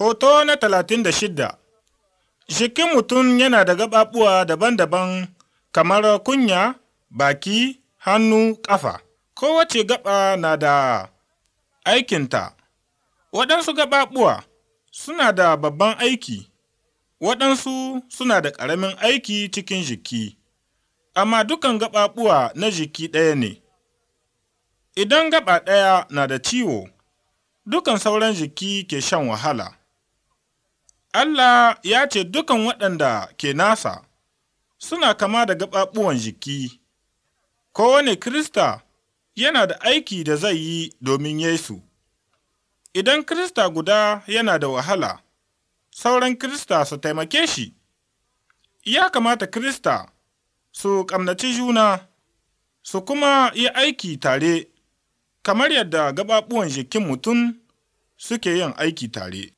Hoto na talatin da shidda Jikin mutum yana da gaɓaɓuwa daban-daban kamar kunya, baki, hannu, ƙafa. Kowace gaɓa na da aikinta. Waɗansu gaɓaɓuwa suna da babban aiki, waɗansu suna da ƙaramin aiki cikin jiki, amma dukan gaɓaɓuwa na jiki ɗaya ne. Idan gaɓa ɗaya na da ciwo, dukan sauran jiki ke shan wahala. Allah ya ce dukan waɗanda ke nasa suna kama da gaɓaɓuwan jiki, kowane Krista yana da aiki da zai yi domin Yesu. Idan Krista guda yana da wahala, sauran Krista su taimake shi, ya kamata Krista su ƙamnaci juna, su kuma yi aiki tare, kamar yadda gaɓaɓuwan jikin mutum suke yin aiki tare.